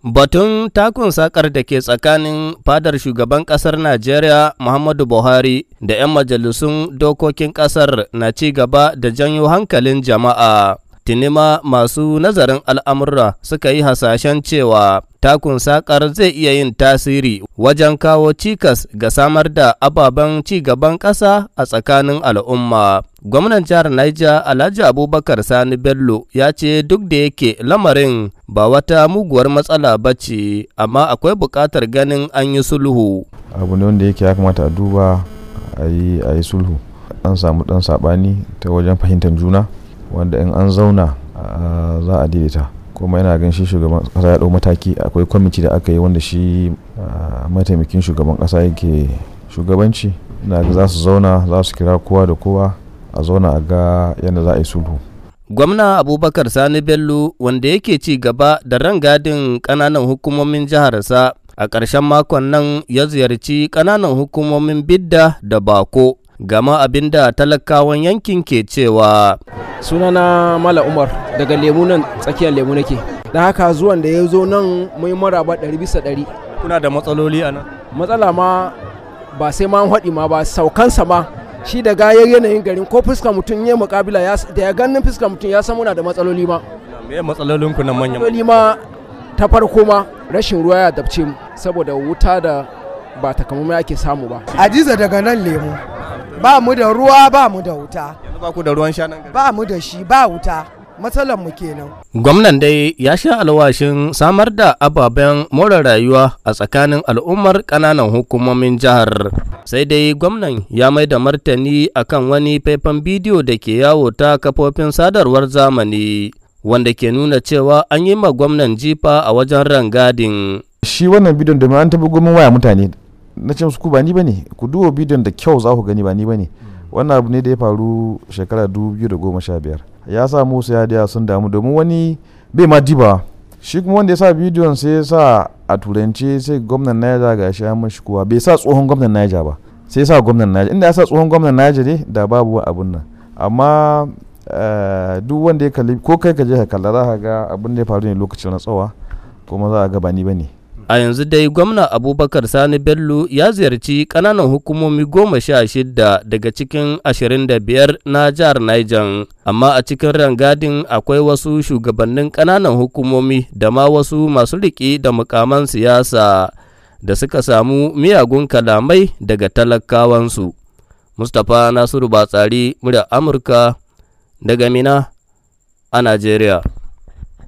Batun takun sakar da ke tsakanin fadar shugaban ƙasar Najeriya Muhammadu Buhari da 'yan majalisun dokokin ƙasar na ci gaba da janyo hankalin jama'a. tinima masu nazarin al'amurra suka yi hasashen cewa takun sakar zai iya yin tasiri wajen kawo cikas ga samar da ababen ci gaban ƙasa a tsakanin al'umma. Gwamnan jihar Niger Alhaji Abubakar Sani Bello ya ce duk da yake lamarin ba wata muguwar matsala ba ce, amma akwai buƙatar ganin an yi sulhu. Abu ne wanda yake ya kamata a duba a yi sulhu. An samu ɗan saɓani ta wajen fahimtar juna. wanda in an zauna za a daidaita kuma yana gan shi shugaban kasa ya ɗau mataki akwai kwamiti da aka yi wanda shi mataimakin shugaban kasa yake shugabanci ina ga za su zauna za su kira kowa da kowa a zauna a ga yadda za a yi sulhu gwamna abubakar sani bello wanda yake ci gaba da rangadin kananan hukumomin jiharsa a karshen makon nan ya ziyarci ƙananan hukumomin bidda da bako gama abin da talakawan yankin ke cewa sunana mala umar daga lemu nan tsakiyar lemu nake da haka zuwan da ya zo nan mai maraba ɗari bisa ɗari kuna da matsaloli a nan matsala ma ba sai ma haɗi ma ba saukansa ma shi da gayar yanayin garin ko fuska mutum ya mukabila da ya ganin fuska mutum ya san muna da matsaloli ma me matsalolin ku na manya matsaloli ma ta farko ma rashin ruwa ya dabce mu saboda wuta da ba takamaiman ake samu ba ajiza daga nan lemu ba mu da ruwa ba mu da wuta ba ku da ruwan sha ba mu da shi ba wuta matsalar mu kenan gwamnan dai ya sha alwashin samar da ababen more rayuwa a tsakanin al'ummar kananan hukumomin jihar sai dai gwamnan ya mai da martani akan wani faifan bidiyo da ke yawo ta kafofin sadarwar zamani wanda ke nuna cewa an yi ma gwamnan jifa a wajen rangadin. shi wannan bidiyon da an taɓa gomin waya mutane na ce musu ku ba ni bane ku duwa bidiyon da kyau za ku gani ba ni bane mm. wannan abu ne da ya faru shekara 2015 ya sa musu ya daya sun damu domin wani bai ma diba shi kuma wanda ya sa bidiyon sai ya sa a turance sai gwamnan naija ga shi amma shi kuwa bai sa tsohon gwamnan naija ba sai ya sa gwamnan naija inda ya sa tsohon gwamnan naija ne da babu abun nan amma eh, duk wanda ya kalli ko kai ka je ka kalla za ka ga abin da ya faru ne lokacin na tsawa kuma za a ga ba ni ba ne a yanzu dai gwamna abubakar sani bello ya ziyarci ƙananan hukumomi goma sha shida daga cikin ashirin da biyar na jihar niger amma a cikin rangadin akwai wasu shugabannin ƙananan hukumomi da ma wasu masu riƙe da mukaman siyasa da suka samu miyagun kalamai daga talakawansu mustapha nasiru batsari murya amurka daga mina a najeriya